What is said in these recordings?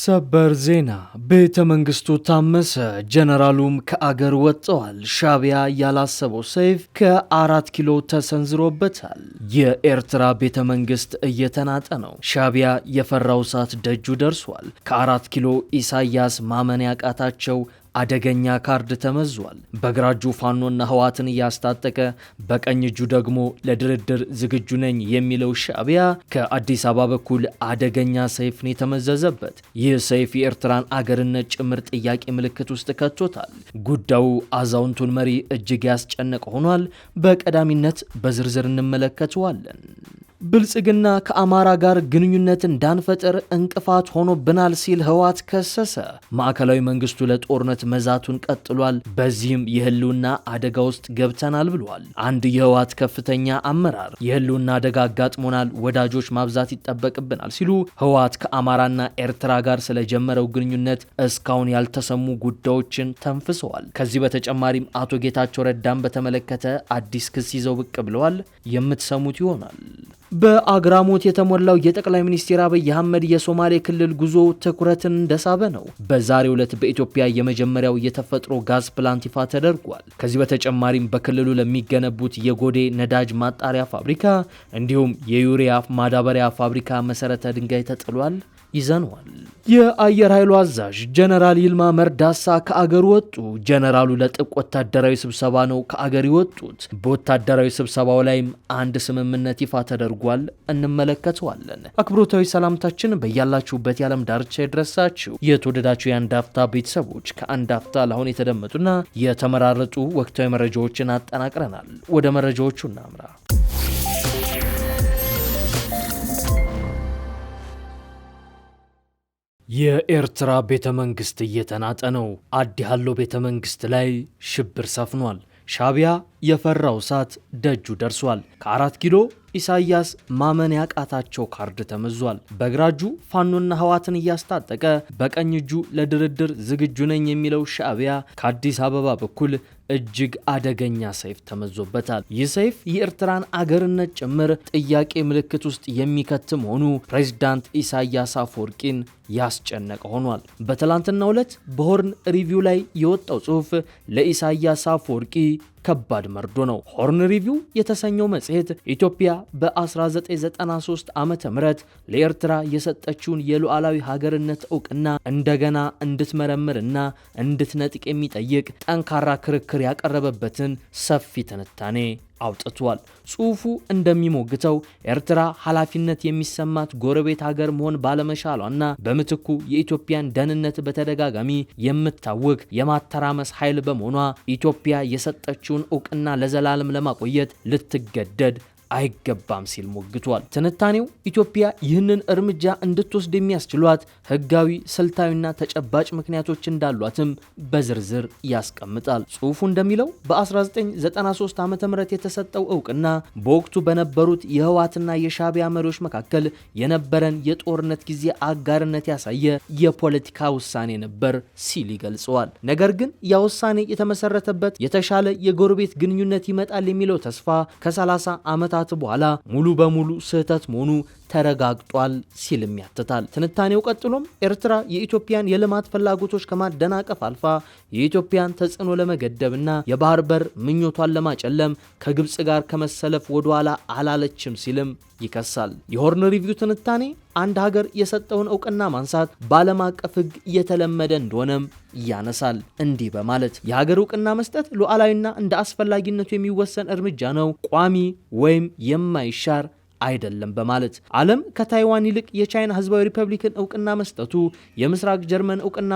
ሰበር ዜና። ቤተ መንግስቱ ታመሰ፣ ጀነራሉም ከአገር ወጥተዋል። ሻቢያ ያላሰበው ሰይፍ ከአራት ኪሎ ተሰንዝሮበታል። የኤርትራ ቤተ መንግስት እየተናጠ ነው። ሻቢያ የፈራው ሳት ደጁ ደርሷል። ከአራት ኪሎ ኢሳያስ ማመን ያቃታቸው አደገኛ ካርድ ተመዟል። በግራ እጁ ፋኖና ህዋትን እያስታጠቀ በቀኝ እጁ ደግሞ ለድርድር ዝግጁ ነኝ የሚለው ሻዕቢያ ከአዲስ አበባ በኩል አደገኛ ሰይፍን የተመዘዘበት። ይህ ሰይፍ የኤርትራን አገርነት ጭምር ጥያቄ ምልክት ውስጥ ከቶታል። ጉዳዩ አዛውንቱን መሪ እጅግ ያስጨነቀ ሆኗል። በቀዳሚነት በዝርዝር እንመለከተዋለን። ብልጽግና ከአማራ ጋር ግንኙነት እንዳንፈጥር እንቅፋት ሆኖብናል ሲል ህወሓት ከሰሰ። ማዕከላዊ መንግስቱ ለጦርነት መዛቱን ቀጥሏል፣ በዚህም የህልውና አደጋ ውስጥ ገብተናል ብሏል። አንድ የህወሓት ከፍተኛ አመራር የህልውና አደጋ አጋጥሞናል፣ ወዳጆች ማብዛት ይጠበቅብናል ሲሉ ህወሓት ከአማራና ኤርትራ ጋር ስለጀመረው ግንኙነት እስካሁን ያልተሰሙ ጉዳዮችን ተንፍሰዋል። ከዚህ በተጨማሪም አቶ ጌታቸው ረዳን በተመለከተ አዲስ ክስ ይዘው ብቅ ብለዋል። የምትሰሙት ይሆናል። በአግራሞት የተሞላው የጠቅላይ ሚኒስትር አብይ አህመድ የሶማሌ ክልል ጉዞ ትኩረትን እንደሳበ ነው። በዛሬው ዕለት በኢትዮጵያ የመጀመሪያው የተፈጥሮ ጋዝ ፕላንት ይፋ ተደርጓል። ከዚህ በተጨማሪም በክልሉ ለሚገነቡት የጎዴ ነዳጅ ማጣሪያ ፋብሪካ እንዲሁም የዩሪያ ማዳበሪያ ፋብሪካ መሰረተ ድንጋይ ተጥሏል። ይዘነዋል። የአየር ኃይሉ አዛዥ ጀነራል ይልማ መርዳሳ ከአገር ወጡ። ጀነራሉ ለጥብቅ ወታደራዊ ስብሰባ ነው ከአገር የወጡት። በወታደራዊ ስብሰባው ላይም አንድ ስምምነት ይፋ ተደርጓል። እንመለከተዋለን። አክብሮታዊ ሰላምታችን በያላችሁበት የዓለም ዳርቻ ይድረሳችሁ። የተወደዳችሁ የአንድ አፍታ ቤተሰቦች ከአንድ አፍታ ለአሁን የተደመጡና የተመራረጡ ወቅታዊ መረጃዎችን አጠናቅረናል። ወደ መረጃዎቹ እናምራ። የኤርትራ ቤተ መንግስት እየተናጠ ነው። አዲ ቤተ መንግስት ላይ ሽብር ሰፍኗል። ሻቢያ የፈራው እሳት ደጁ ደርሷል። ከአራት ኪሎ ኢሳያስ ማመን ያቃታቸው ካርድ ተመዟል። በግራ እጁ ፋኖና ህዋትን እያስታጠቀ በቀኝ እጁ ለድርድር ዝግጁ ነኝ የሚለው ሻዕቢያ ከአዲስ አበባ በኩል እጅግ አደገኛ ሰይፍ ተመዞበታል። ይህ ሰይፍ የኤርትራን አገርነት ጭምር ጥያቄ ምልክት ውስጥ የሚከት መሆኑ ፕሬዝዳንት ኢሳያስ አፈወርቂን ያስጨነቀ ሆኗል። በትላንትናው ዕለት በሆርን ሪቪው ላይ የወጣው ጽሑፍ ለኢሳያስ አፈወርቂ ከባድ መርዶ ነው። ሆርን ሪቪው የተሰኘው መጽሔት ኢትዮጵያ በ1993 ዓ ም ለኤርትራ የሰጠችውን የሉዓላዊ ሀገርነት እውቅና እንደገና እንድትመረምርና እንድትነጥቅ የሚጠይቅ ጠንካራ ክርክር ያቀረበበትን ሰፊ ትንታኔ አውጥቷል። ጽሑፉ እንደሚሞግተው ኤርትራ ኃላፊነት የሚሰማት ጎረቤት ሀገር መሆን ባለመቻሏና በምትኩ የኢትዮጵያን ደህንነት በተደጋጋሚ የምታውክ የማተራመስ ኃይል በመሆኗ ኢትዮጵያ የሰጠችውን እውቅና ለዘላለም ለማቆየት ልትገደድ አይገባም ሲል ሞግቷል። ትንታኔው ኢትዮጵያ ይህንን እርምጃ እንድትወስድ የሚያስችሏት ሕጋዊ ስልታዊና ተጨባጭ ምክንያቶች እንዳሏትም በዝርዝር ያስቀምጣል። ጽሑፉ እንደሚለው በ1993 ዓ ም የተሰጠው እውቅና በወቅቱ በነበሩት የህዋትና የሻቢያ መሪዎች መካከል የነበረን የጦርነት ጊዜ አጋርነት ያሳየ የፖለቲካ ውሳኔ ነበር ሲል ይገልጸዋል። ነገር ግን ያ ውሳኔ የተመሰረተበት የተሻለ የጎረቤት ግንኙነት ይመጣል የሚለው ተስፋ ከ30 ዓመታት ከሰዓት በኋላ ሙሉ በሙሉ ስህተት መሆኑ ተረጋግጧል ሲልም ያትታል። ትንታኔው ቀጥሎም ኤርትራ የኢትዮጵያን የልማት ፍላጎቶች ከማደናቀፍ አልፋ የኢትዮጵያን ተጽዕኖ ለመገደብና የባህር በር ምኞቷን ለማጨለም ከግብፅ ጋር ከመሰለፍ ወደኋላ አላለችም ሲልም ይከሳል። የሆርን ሪቪው ትንታኔ አንድ ሀገር የሰጠውን እውቅና ማንሳት በዓለም አቀፍ ሕግ የተለመደ እንደሆነም ያነሳል። እንዲህ በማለት የሀገር እውቅና መስጠት ሉዓላዊና እንደ አስፈላጊነቱ የሚወሰን እርምጃ ነው፣ ቋሚ ወይም የማይሻር አይደለም በማለት ዓለም ከታይዋን ይልቅ የቻይና ህዝባዊ ሪፐብሊክን እውቅና መስጠቱ የምስራቅ ጀርመን እውቅና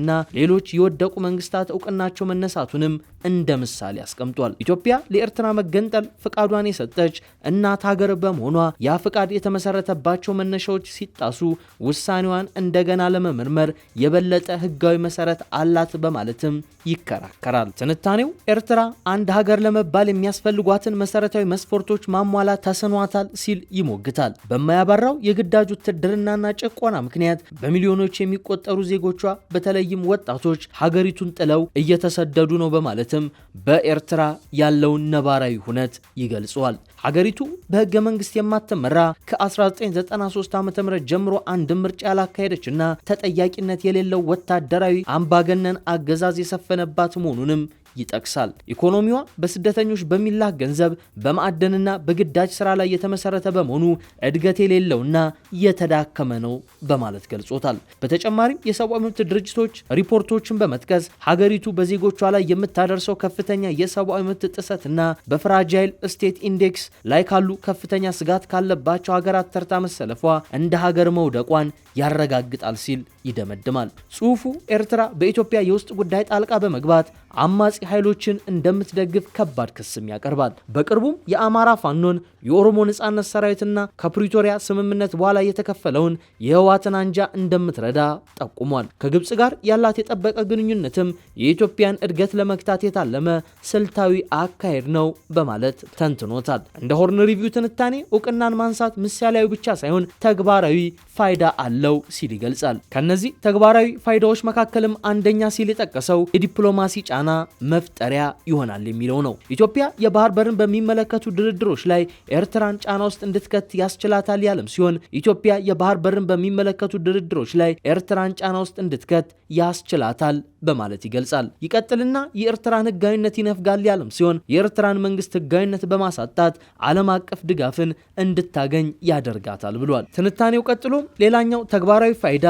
እና ሌሎች የወደቁ መንግስታት እውቅናቸው መነሳቱንም እንደ ምሳሌ አስቀምጧል። ኢትዮጵያ ለኤርትራ መገንጠል ፍቃዷን የሰጠች እናት ሀገር በመሆኗ ያ ፍቃድ የተመሰረተባቸው መነሻዎች ሲጣሱ ውሳኔዋን እንደገና ለመመርመር የበለጠ ህጋዊ መሰረት አላት በማለትም ይከራከራል። ትንታኔው ኤርትራ አንድ ሀገር ለመባል የሚያስፈልጓትን መሰረታዊ መስፈርቶች ማሟላት ተስኗታል ሲል ይሞግታል። በማያባራው የግዳጅ ውትድርናና ጭቆና ምክንያት በሚሊዮኖች የሚቆጠሩ ዜጎቿ በተለይም ወጣቶች ሀገሪቱን ጥለው እየተሰደዱ ነው በማለትም በኤርትራ ያለውን ነባራዊ ሁነት ይገልጸዋል። ሀገሪቱ በህገ መንግስት የማትመራ ከ1993 ዓ ም ጀምሮ አንድ ምርጫ ያላካሄደችና ተጠያቂነት የሌለው ወታደራዊ አምባገነን አገዛዝ የሰፈነባት መሆኑንም ይጠቅሳል። ኢኮኖሚዋ በስደተኞች በሚላክ ገንዘብ በማዕደንና በግዳጅ ስራ ላይ የተመሰረተ በመሆኑ እድገት የሌለውና የተዳከመ ነው በማለት ገልጾታል። በተጨማሪም የሰብአዊ መብት ድርጅቶች ሪፖርቶችን በመጥቀስ ሀገሪቱ በዜጎቿ ላይ የምታደርሰው ከፍተኛ የሰብአዊ መብት ጥሰትና በፍራጃይል ስቴት ኢንዴክስ ላይ ካሉ ከፍተኛ ስጋት ካለባቸው ሀገራት ተርታ መሰለፏ እንደ ሀገር መውደቋን ያረጋግጣል ሲል ይደመድማል። ጽሑፉ ኤርትራ በኢትዮጵያ የውስጥ ጉዳይ ጣልቃ በመግባት አማጺ ኃይሎችን እንደምትደግፍ ከባድ ክስም ያቀርባል። በቅርቡም የአማራ ፋኖን፣ የኦሮሞ ነጻነት ሰራዊትና ከፕሪቶሪያ ስምምነት በኋላ የተከፈለውን የህወሓትን አንጃ እንደምትረዳ ጠቁሟል። ከግብፅ ጋር ያላት የጠበቀ ግንኙነትም የኢትዮጵያን እድገት ለመግታት የታለመ ስልታዊ አካሄድ ነው በማለት ተንትኖታል። እንደ ሆርን ሪቪው ትንታኔ እውቅናን ማንሳት ምሳሌያዊ ብቻ ሳይሆን ተግባራዊ ፋይዳ አለው ሲል ይገልጻል። ከእነዚህ ተግባራዊ ፋይዳዎች መካከልም አንደኛ ሲል የጠቀሰው የዲፕሎማሲ ጫና መፍጠሪያ ይሆናል የሚለው ነው። ኢትዮጵያ የባህር በርን በሚመለከቱ ድርድሮች ላይ ኤርትራን ጫና ውስጥ እንድትከት ያስችላታል ያለም ሲሆን ኢትዮጵያ የባህር በርን በሚመለከቱ ድርድሮች ላይ ኤርትራን ጫና ውስጥ እንድትከት ያስችላታል በማለት ይገልጻል። ይቀጥልና የኤርትራን ህጋዊነት ይነፍጋል ያለም ሲሆን የኤርትራን መንግስት ህጋዊነት በማሳጣት ዓለም አቀፍ ድጋፍን እንድታገኝ ያደርጋታል ብሏል። ትንታኔው ቀጥሎም ሌላኛው ተግባራዊ ፋይዳ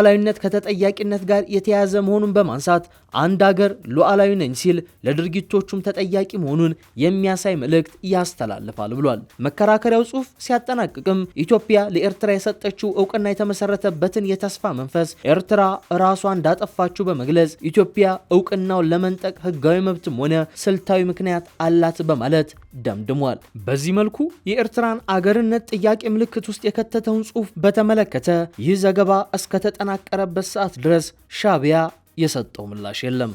ሉዓላዊነት ከተጠያቂነት ጋር የተያያዘ መሆኑን በማንሳት አንድ አገር ሉዓላዊ ነኝ ሲል ለድርጊቶቹም ተጠያቂ መሆኑን የሚያሳይ መልእክት ያስተላልፋል ብሏል። መከራከሪያው ጽሑፍ ሲያጠናቅቅም ኢትዮጵያ ለኤርትራ የሰጠችው እውቅና የተመሰረተበትን የተስፋ መንፈስ ኤርትራ ራሷ እንዳጠፋችው በመግለጽ ኢትዮጵያ እውቅናውን ለመንጠቅ ሕጋዊ መብትም ሆነ ስልታዊ ምክንያት አላት በማለት ደምድሟል። በዚህ መልኩ የኤርትራን አገርነት ጥያቄ ምልክት ውስጥ የከተተውን ጽሑፍ በተመለከተ ይህ ዘገባ እስከተጠና እስከተጠናቀረበት ሰዓት ድረስ ሻቢያ የሰጠው ምላሽ የለም።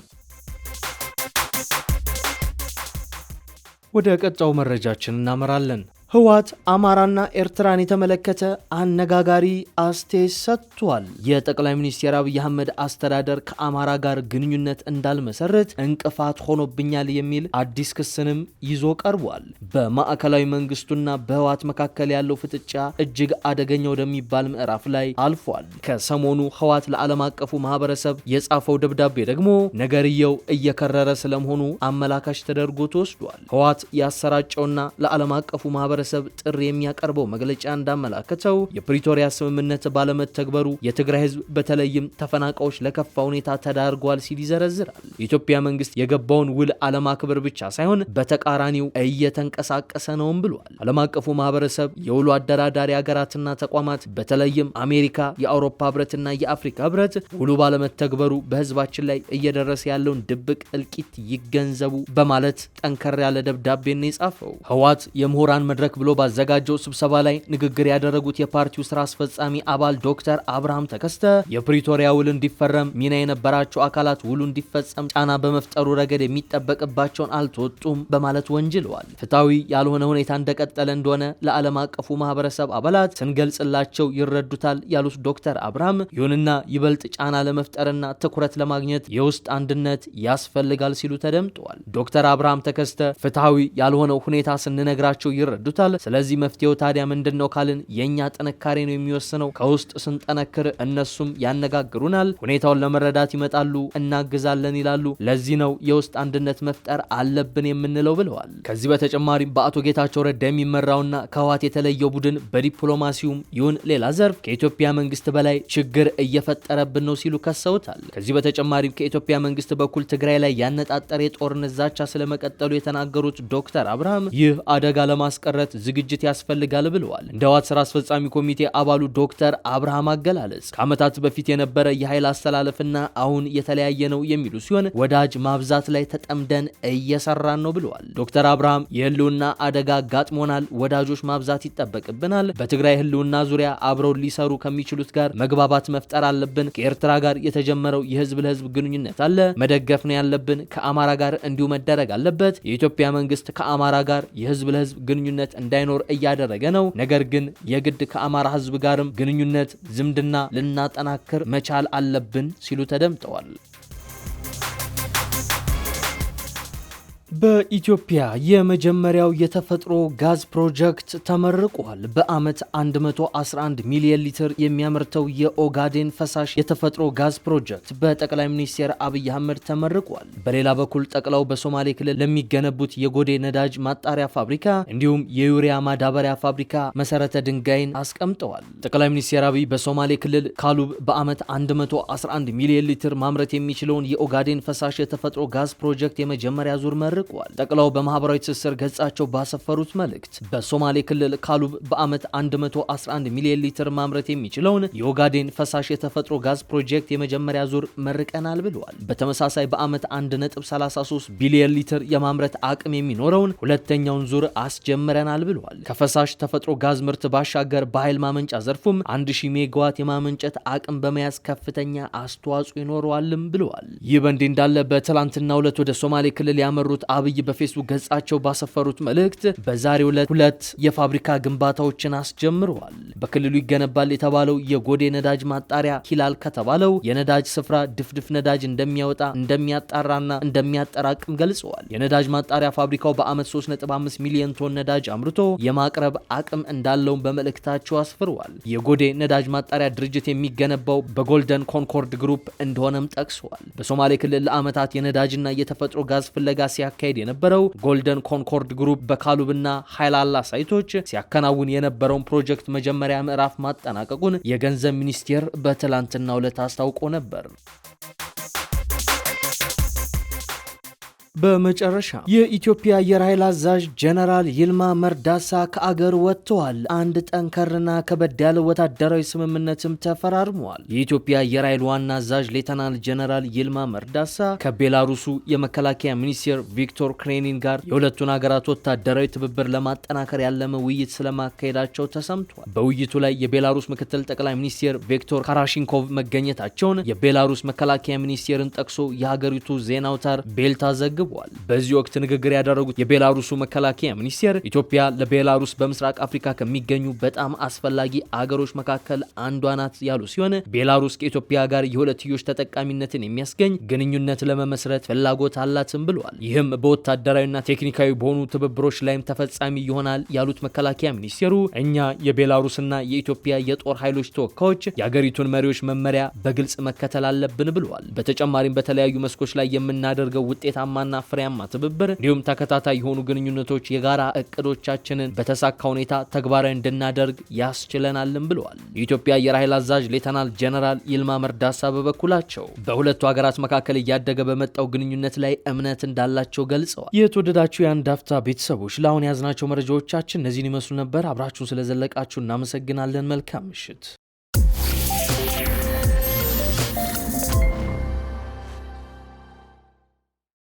ወደ ቀጣው መረጃችን እናመራለን። ህወሓት አማራና ኤርትራን የተመለከተ አነጋጋሪ አስተያየት ሰጥቷል። የጠቅላይ ሚኒስትር አብይ አህመድ አስተዳደር ከአማራ ጋር ግንኙነት እንዳልመሰረት እንቅፋት ሆኖብኛል የሚል አዲስ ክስንም ይዞ ቀርቧል። በማዕከላዊ መንግስቱና በህወሓት መካከል ያለው ፍጥጫ እጅግ አደገኛ ወደሚባል ምዕራፍ ላይ አልፏል። ከሰሞኑ ህወሓት ለዓለም አቀፉ ማህበረሰብ የጻፈው ደብዳቤ ደግሞ ነገርየው እየከረረ ስለመሆኑ አመላካሽ ተደርጎ ተወስዷል። ህወሓት ያሰራጨውና ለዓለም አቀፉ ማህበረሰብ ማህበረሰብ ጥሪ የሚያቀርበው መግለጫ እንዳመላከተው የፕሪቶሪያ ስምምነት ባለመተግበሩ የትግራይ ህዝብ በተለይም ተፈናቃዮች ለከፋ ሁኔታ ተዳርጓል ሲል ይዘረዝራል። የኢትዮጵያ መንግስት የገባውን ውል አለማክበር ብቻ ሳይሆን በተቃራኒው እየተንቀሳቀሰ ነውም ብሏል። ዓለም አቀፉ ማህበረሰብ የውሉ አደራዳሪ ሀገራትና ተቋማት በተለይም አሜሪካ፣ የአውሮፓ ህብረትና የአፍሪካ ህብረት ውሉ ባለመተግበሩ በህዝባችን ላይ እየደረሰ ያለውን ድብቅ እልቂት ይገንዘቡ በማለት ጠንከር ያለ ደብዳቤ ነው የጻፈው። ህወሓት የምሁራን መድረ መድረክ ብሎ ባዘጋጀው ስብሰባ ላይ ንግግር ያደረጉት የፓርቲው ስራ አስፈጻሚ አባል ዶክተር አብርሃም ተከስተ የፕሪቶሪያ ውል እንዲፈረም ሚና የነበራቸው አካላት ውሉ እንዲፈጸም ጫና በመፍጠሩ ረገድ የሚጠበቅባቸውን አልተወጡም በማለት ወንጅለዋል። ፍትሐዊ ያልሆነ ሁኔታ እንደቀጠለ እንደሆነ ለዓለም አቀፉ ማህበረሰብ አባላት ስንገልጽላቸው ይረዱታል ያሉት ዶክተር አብርሃም ይሁንና ይበልጥ ጫና ለመፍጠርና ትኩረት ለማግኘት የውስጥ አንድነት ያስፈልጋል ሲሉ ተደምጠዋል። ዶክተር አብርሃም ተከስተ ፍትሐዊ ያልሆነው ሁኔታ ስንነግራቸው ይረዱታል ይሉታል። ስለዚህ መፍትሄው ታዲያ ምንድን ነው ካልን የእኛ ጥንካሬ ነው የሚወስነው። ከውስጥ ስንጠነክር እነሱም ያነጋግሩናል፣ ሁኔታውን ለመረዳት ይመጣሉ፣ እናግዛለን ይላሉ። ለዚህ ነው የውስጥ አንድነት መፍጠር አለብን የምንለው ብለዋል። ከዚህ በተጨማሪም በአቶ ጌታቸው ረዳ የሚመራውና ከህወሓት የተለየው ቡድን በዲፕሎማሲውም ይሁን ሌላ ዘርፍ ከኢትዮጵያ መንግስት በላይ ችግር እየፈጠረብን ነው ሲሉ ከሰውታል። ከዚህ በተጨማሪም ከኢትዮጵያ መንግስት በኩል ትግራይ ላይ ያነጣጠረ የጦርነት ዛቻ ስለመቀጠሉ የተናገሩት ዶክተር አብርሃም ይህ አደጋ ለማስቀረት ለማምረት ዝግጅት ያስፈልጋል ብለዋል። እንደ ህወሓት ስራ አስፈጻሚ ኮሚቴ አባሉ ዶክተር አብርሃም አገላለጽ ከዓመታት በፊት የነበረ የኃይል አስተላለፍና አሁን የተለያየ ነው የሚሉ ሲሆን ወዳጅ ማብዛት ላይ ተጠምደን እየሰራን ነው ብለዋል። ዶክተር አብርሃም የህልውና አደጋ ጋጥሞናል፣ ወዳጆች ማብዛት ይጠበቅብናል። በትግራይ ህልውና ዙሪያ አብረው ሊሰሩ ከሚችሉት ጋር መግባባት መፍጠር አለብን። ከኤርትራ ጋር የተጀመረው የህዝብ ለህዝብ ግንኙነት አለ፣ መደገፍ ነው ያለብን። ከአማራ ጋር እንዲሁ መደረግ አለበት። የኢትዮጵያ መንግስት ከአማራ ጋር የህዝብ ለህዝብ ግንኙነት እንዳይኖር እያደረገ ነው። ነገር ግን የግድ ከአማራ ህዝብ ጋርም ግንኙነት፣ ዝምድና ልናጠናክር መቻል አለብን ሲሉ ተደምጠዋል። በኢትዮጵያ የመጀመሪያው የተፈጥሮ ጋዝ ፕሮጀክት ተመርቋል። በዓመት 111 ሚሊዮን ሊትር የሚያመርተው የኦጋዴን ፈሳሽ የተፈጥሮ ጋዝ ፕሮጀክት በጠቅላይ ሚኒስትር አብይ አህመድ ተመርቋል። በሌላ በኩል ጠቅለው በሶማሌ ክልል ለሚገነቡት የጎዴ ነዳጅ ማጣሪያ ፋብሪካ እንዲሁም የዩሪያ ማዳበሪያ ፋብሪካ መሰረተ ድንጋይን አስቀምጠዋል። ጠቅላይ ሚኒስትር አብይ በሶማሌ ክልል ካሉብ በዓመት 111 ሚሊዮን ሊትር ማምረት የሚችለውን የኦጋዴን ፈሳሽ የተፈጥሮ ጋዝ ፕሮጀክት የመጀመሪያ ዙር መርቋል። አሳይተዋል። ጠቅላው በማህበራዊ ትስስር ገጻቸው ባሰፈሩት መልእክት በሶማሌ ክልል ካሉብ በዓመት 111 ሚሊዮን ሊትር ማምረት የሚችለውን የኦጋዴን ፈሳሽ የተፈጥሮ ጋዝ ፕሮጀክት የመጀመሪያ ዙር መርቀናል ብለዋል። በተመሳሳይ በአመት 1.33 ቢሊዮን ሊትር የማምረት አቅም የሚኖረውን ሁለተኛውን ዙር አስጀምረናል ብለዋል። ከፈሳሽ ተፈጥሮ ጋዝ ምርት ባሻገር በኃይል ማመንጫ ዘርፉም 1000 ሜጋዋት የማመንጨት አቅም በመያዝ ከፍተኛ አስተዋጽኦ ይኖረዋልም ብለዋል። ይህ በእንዲህ እንዳለ በትላንትና ሁለት ወደ ሶማሌ ክልል ያመሩት አብ አብይ በፌስቡክ ገጻቸው ባሰፈሩት መልእክት በዛሬው ዕለት ሁለት የፋብሪካ ግንባታዎችን አስጀምረዋል። በክልሉ ይገነባል የተባለው የጎዴ ነዳጅ ማጣሪያ ኪላል ከተባለው የነዳጅ ስፍራ ድፍድፍ ነዳጅ እንደሚያወጣ እንደሚያጣራና እንደሚያጠራቅም ገልጸዋል። የነዳጅ ማጣሪያ ፋብሪካው በአመት 3.5 ሚሊዮን ቶን ነዳጅ አምርቶ የማቅረብ አቅም እንዳለውን በመልእክታቸው አስፍረዋል። የጎዴ ነዳጅ ማጣሪያ ድርጅት የሚገነባው በጎልደን ኮንኮርድ ግሩፕ እንደሆነም ጠቅሰዋል። በሶማሌ ክልል ለዓመታት የነዳጅና የተፈጥሮ ጋዝ ፍለጋ ሲያካሄድ ሲያካሄድ የነበረው ጎልደን ኮንኮርድ ግሩፕ በካሉብና ሀይላላ ሳይቶች ሲያከናውን የነበረውን ፕሮጀክት መጀመሪያ ምዕራፍ ማጠናቀቁን የገንዘብ ሚኒስቴር በትላንትና ዕለት አስታውቆ ነበር። በመጨረሻ የኢትዮጵያ አየር ኃይል አዛዥ ጀነራል ይልማ መርዳሳ ከአገር ወጥተዋል። አንድ ጠንከርና ከበድ ያለ ወታደራዊ ስምምነትም ተፈራርመዋል። የኢትዮጵያ አየር ኃይል ዋና አዛዥ ሌተናል ጀነራል ይልማ መርዳሳ ከቤላሩሱ የመከላከያ ሚኒስቴር ቪክቶር ክሬኒን ጋር የሁለቱን ሀገራት ወታደራዊ ትብብር ለማጠናከር ያለመ ውይይት ስለማካሄዳቸው ተሰምቷል። በውይይቱ ላይ የቤላሩስ ምክትል ጠቅላይ ሚኒስቴር ቪክቶር ካራሽንኮቭ መገኘታቸውን የቤላሩስ መከላከያ ሚኒስቴርን ጠቅሶ የሀገሪቱ ዜና አውታር ቤልታ ዘግቧል። ዘግቧል። በዚህ ወቅት ንግግር ያደረጉት የቤላሩሱ መከላከያ ሚኒስቴር ኢትዮጵያ ለቤላሩስ በምስራቅ አፍሪካ ከሚገኙ በጣም አስፈላጊ አገሮች መካከል አንዷ ናት ያሉ ሲሆን ቤላሩስ ከኢትዮጵያ ጋር የሁለትዮሽ ተጠቃሚነትን የሚያስገኝ ግንኙነት ለመመስረት ፍላጎት አላትም ብለዋል። ይህም በወታደራዊና ቴክኒካዊ በሆኑ ትብብሮች ላይም ተፈጻሚ ይሆናል ያሉት መከላከያ ሚኒስቴሩ እኛ የቤላሩስና የኢትዮጵያ የጦር ኃይሎች ተወካዮች የአገሪቱን መሪዎች መመሪያ በግልጽ መከተል አለብን ብለዋል። በተጨማሪም በተለያዩ መስኮች ላይ የምናደርገው ውጤታማና እና ፍሬያማ ትብብር እንዲሁም ተከታታይ የሆኑ ግንኙነቶች የጋራ እቅዶቻችንን በተሳካ ሁኔታ ተግባራዊ እንድናደርግ ያስችለናልን ብለዋል። የኢትዮጵያ አየር ኃይል አዛዥ ሌተናል ጀነራል ይልማ መርዳሳ በበኩላቸው በሁለቱ ሀገራት መካከል እያደገ በመጣው ግንኙነት ላይ እምነት እንዳላቸው ገልጸዋል። የተወደዳችሁ የአንድ አፍታ ቤተሰቦች ለአሁን የያዝናቸው መረጃዎቻችን እነዚህን ይመስሉ ነበር። አብራችሁን ስለዘለቃችሁ እናመሰግናለን። መልካም ምሽት።